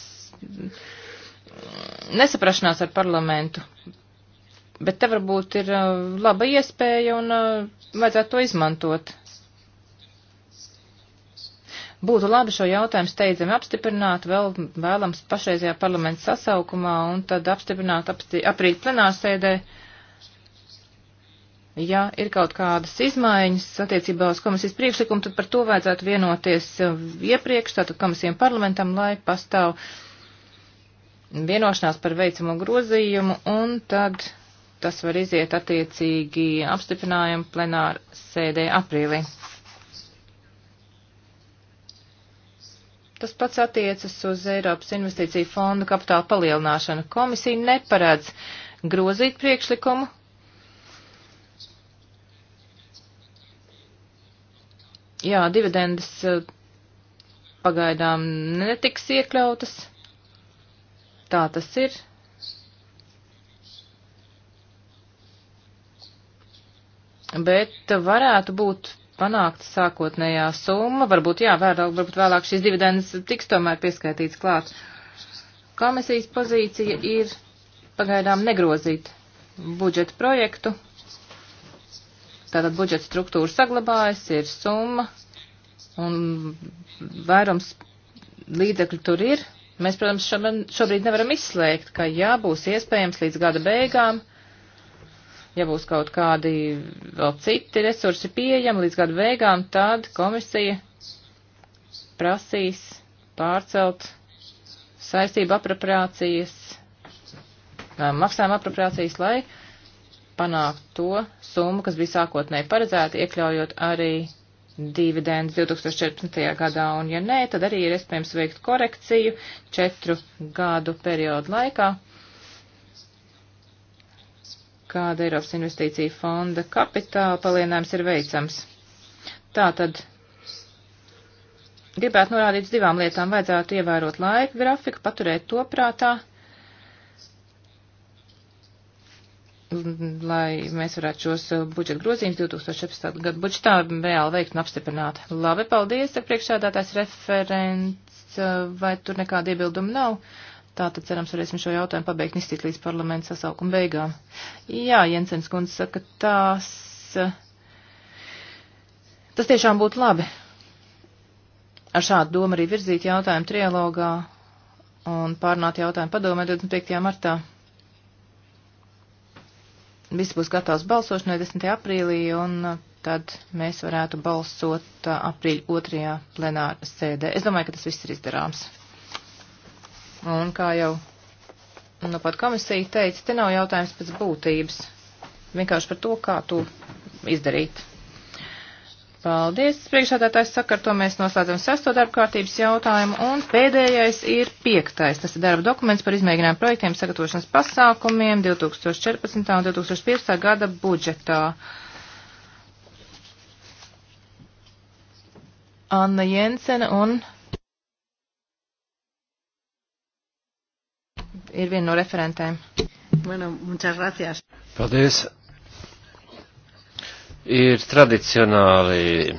nesaprašanās ar parlamentu. Bet te varbūt ir laba iespēja un vajadzētu to izmantot. Būtu labi šo jautājumu steidzami apstiprināt, vēl vēlams pašreizajā parlamenta sasaukumā un tad apstiprināt apsti, aprīt plenārsēdē. Ja ir kaut kādas izmaiņas attiecībā uz komisijas priekšlikumu, tad par to vajadzētu vienoties uh, iepriekš, tātad komisijam parlamentam, lai pastāv vienošanās par veicamo grozījumu un tad tas var iziet attiecīgi apstiprinājumu plenāru sēdē aprīlī. Tas pats attiecas uz Eiropas investīciju fonda kapitāla palielināšanu. Komisija neparedz grozīt priekšlikumu. Jā, dividendes eh, pagaidām netiks iekļautas. Tā tas ir. Bet varētu būt panākt sākotnējā summa. Varbūt, jā, vēlāk, varbūt vēlāk šīs dividendes tiks tomēr pieskaitīts klāt. Komisijas pozīcija ir pagaidām negrozīt budžeta projektu. Tātad budžeta struktūra saglabājas, ir summa un vairums līdzekļu tur ir. Mēs, protams, šobrīd nevaram izslēgt, ka jā, būs iespējams līdz gada beigām uh, ja būs kaut kādi vēl citi resursi pieejami līdz gada beigām, tad komisija prasīs pārcelt saistību apropriācijas, maksājuma apropriācijas, lai panāktu to summu, kas bija sākotnēji paredzēta, iekļaujot arī dividendus 2014. gadā, un ja nē, tad arī ir iespējams veikt korekciju četru gadu periodu laikā, kāda Eiropas investīcija fonda kapitāla palielinājums ir veicams. Tātad gribētu norādīt uz divām lietām. Vajadzētu ievērot laika grafiku, paturēt to prātā, lai mēs varētu šos uh, budžeta grozījumus 2014. gadu budžetā reāli veikt un apstiprināt. Labi, paldies, ar priekšādātājs referents, uh, vai tur nekāda iebilduma nav? Tātad, cerams, varēsim šo jautājumu pabeigt un izstīt līdz parlamenta sasaukuma beigām. Jā, Jensens kundze saka, tās, tas tiešām būtu labi. Ar šādu domu arī virzīt jautājumu trialogā un pārnāt jautājumu padomē 25. martā. Viss būs gatavs balsošanai 10. aprīlī un tad mēs varētu balsot aprīļa otrajā plenāra sēdē. Es domāju, ka tas viss ir izdarāms. Un kā jau nu, pat komisija teica, te nav jautājums pēc būtības, vienkārši par to, kā to izdarīt. Paldies, priekšādātājs saka, ar to mēs noslēdzam sesto darba kārtības jautājumu, un pēdējais ir piektais. Tas ir darba dokuments par izmēģinājumu projektiem sagatavošanas pasākumiem 2014. un 2015. gada budžetā. Anna Jensena un ir viena no referentēm. Bueno, muchas gracias. Paldies. Ir tradicionāli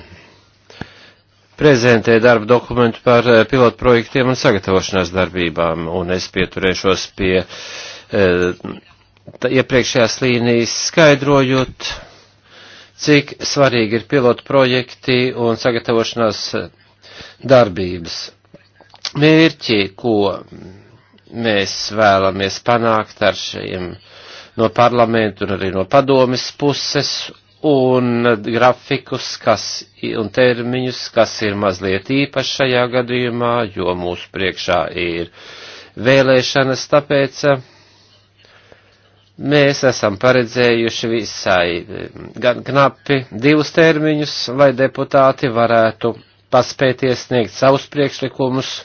prezentē darba dokumentu par eh, pilotu projektiem un sagatavošanās darbībām, un es pieturēšos pie e, iepriekšējās līnijas skaidrojot, cik svarīgi ir pilotu projekti un sagatavošanās darbības. Mērķi, ko mēs vēlamies panākt ar šiem no parlamentu un arī no padomis puses un grafikus kas, un termiņus, kas ir mazliet īpaši šajā gadījumā, jo mūsu priekšā ir vēlēšanas, tāpēc eh, mēs esam paredzējuši visai eh, gan knapi divus termiņus, lai deputāti varētu paspēties sniegt savus priekšlikumus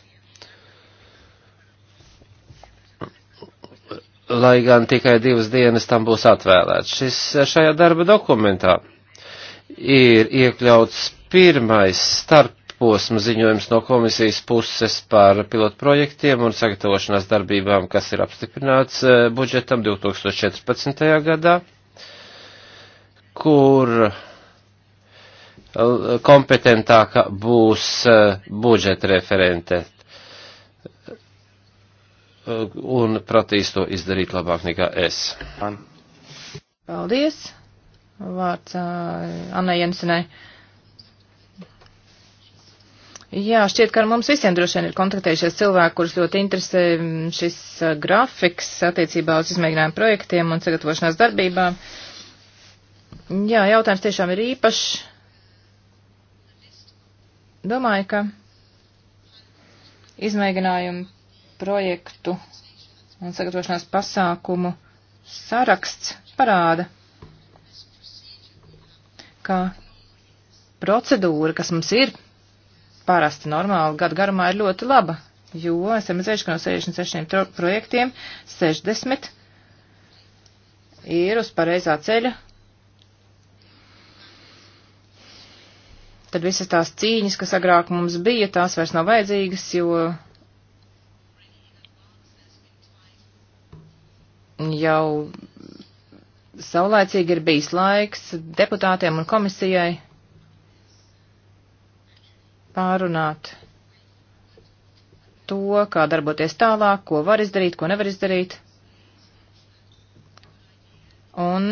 lai gan tikai divas dienas tam būs atvēlēts. Šis šajā darba dokumentā ir iekļauts pirmais starpposma ziņojums no komisijas puses par pilotprojektiem un sagatavošanās darbībām, kas ir apstiprināts eh, budžetam 2014. gadā, kur eh, kompetentāka būs eh, budžeta referente. Uh, un pratīs to izdarīt labāk nekā es. Paldies! Vārds uh, Anna Jensenai. Jā, šķiet, ka ar mums visiem droši vien ir kontaktējušies cilvēki, kurus ļoti interesē mm, šis uh, grafiks attiecībā uz izmēģinājumu projektiem un sagatavošanās darbībām. Jā, jautājums tiešām ir īpašs. Domāju, ka izmēģinājumu projektu un sagatavošanās pasākumu saraksts parāda, ka procedūra, kas mums ir parasti normāli gadu garumā, ir ļoti laba, jo esam redzējuši, ka no 66 projektiem 60 ir uz pareizā ceļa. Tad visas tās cīņas, kas agrāk mums bija, tās vairs nav vajadzīgas, jo jau saulēcīgi ir bijis laiks deputātiem un komisijai pārunāt to, kā darboties tālāk, ko var izdarīt, ko nevar izdarīt. Un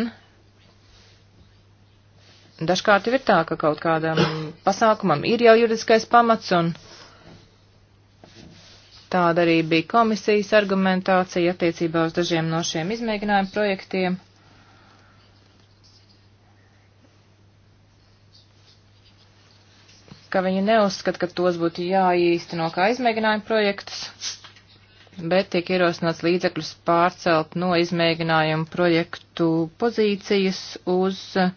dažkārt ir tā, ka kaut kādam pasākumam ir jau juridiskais pamats un Tāda arī bija komisijas argumentācija attiecībā uz dažiem no šiem izmēģinājumu projektiem. ka viņi neuzskata, ka tos būtu jāīsteno kā izmēģinājumu projektus, bet tiek ierosināts līdzekļus pārcelt no izmēģinājumu projektu pozīcijas uz uh,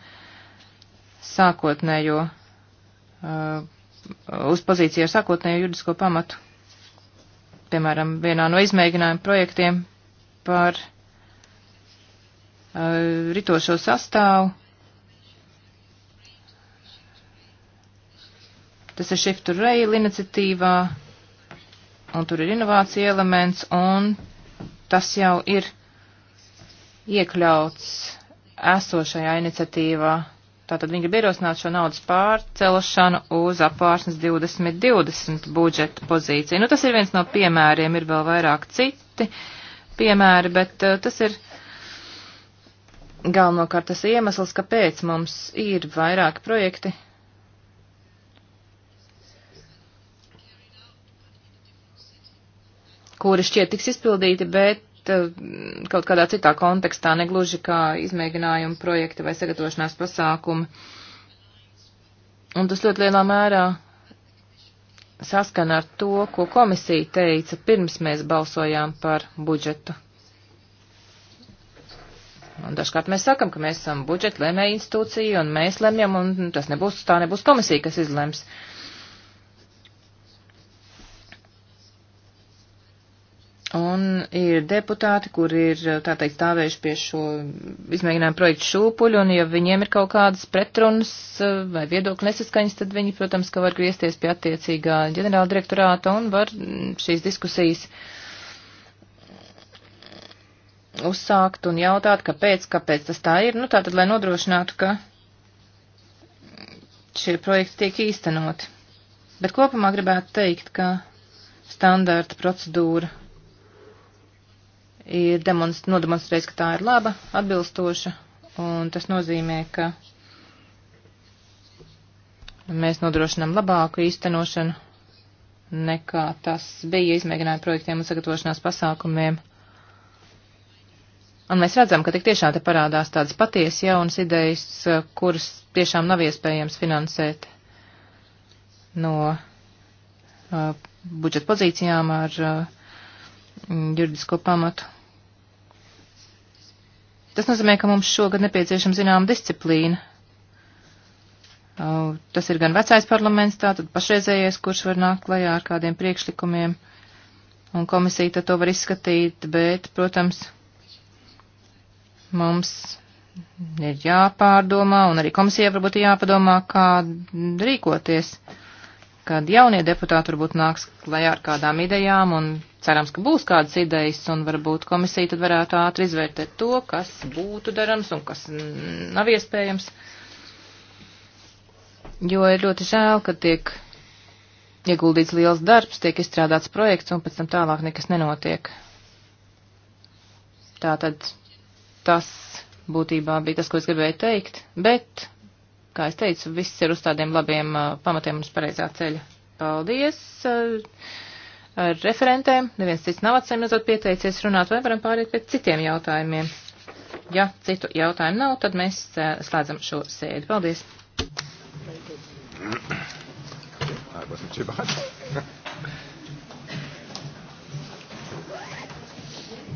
sākotnējo, uh, uz pozīciju ar sākotnējo juridisko pamatu piemēram, vienā no izmēģinājuma projektiem par uh, ritošo sastāvu. Tas ir Shift to Rail iniciatīvā, un tur ir inovācija elements, un tas jau ir iekļauts esošajā iniciatīvā Tātad viņi grib ierosināt šo naudas pārcelšanu uz apvārsnes 2020 budžeta pozīciju. Nu, tas ir viens no piemēriem, ir vēl vairāk citi piemēri, bet uh, tas ir galvenokārt tas iemesls, kāpēc mums ir vairāki projekti. kuri šķiet tiks izpildīti, bet Eh, kaut kādā citā kontekstā, negluži kā izmēģinājuma projekti vai sagatavošanās pasākumi. Un tas ļoti lielā mērā saskana ar to, ko komisija teica pirms mēs balsojām par budžetu. Un dažkārt mēs sakam, ka mēs esam budžeta lēmēja institūcija un mēs lemjam, un tas nebūs, tā nebūs komisija, kas izlems. Uh, Un ir deputāti, kur ir, tā teikt, stāvējuši pie šo izmēģinājumu projektu šūpuļu, un ja viņiem ir kaut kādas pretrunas eh, vai viedokļu nesaskaņas, tad viņi, protams, ka var griezties pie attiecīgā ģenerāla direktorāta un var mm, šīs diskusijas uzsākt un jautāt, kāpēc, kāpēc tas tā ir. Nu, tā tad, lai nodrošinātu, ka šie projekti tiek īstenoti. Bet kopumā gribētu teikt, ka standārta procedūra ir demonst, nodemonstrējis, ka tā ir laba, atbilstoša, un tas nozīmē, ka mēs nodrošinām labāku īstenošanu nekā tas bija izmēģinājuma projektiem un sagatavošanās pasākumiem. Un mēs redzam, ka tik tiešām te parādās tādas patiesi jaunas idejas, kuras tiešām nav iespējams finansēt no uh, budžeta pozīcijām ar uh, juridisko pamatu. Tas nozīmē, ka mums šogad nepieciešama zināma disciplīna. Tas ir gan vecais parlaments, tātad pašreizējais, kurš var nākt klajā ar kādiem priekšlikumiem, un komisija tad to var izskatīt, bet, protams, mums ir jāpārdomā, un arī komisijai varbūt jāpadomā, kā rīkoties. Uh, kad jaunie deputāti varbūt nāks klajā ar kādām idejām un cerams, ka būs kādas idejas un varbūt komisija tad varētu ātri izvērtēt to, kas būtu darams un kas nav iespējams. Jo ir ļoti žēl, ka tiek ieguldīts liels darbs, tiek izstrādāts projekts un pēc tam tālāk nekas nenotiek. Tātad tas būtībā bija tas, ko es gribēju teikt, bet kā es teicu, viss ir uz tādiem labiem uh, pamatiem un uz pareizā ceļa. Paldies! Uh, ar referentēm neviens cits nav atsaimnozot pieteicies runāt, vai varam pāriet pie citiem jautājumiem. Ja citu jautājumu nav, tad mēs uh, slēdzam šo sēdi. Paldies! *coughs* I wasn't too bad. *laughs*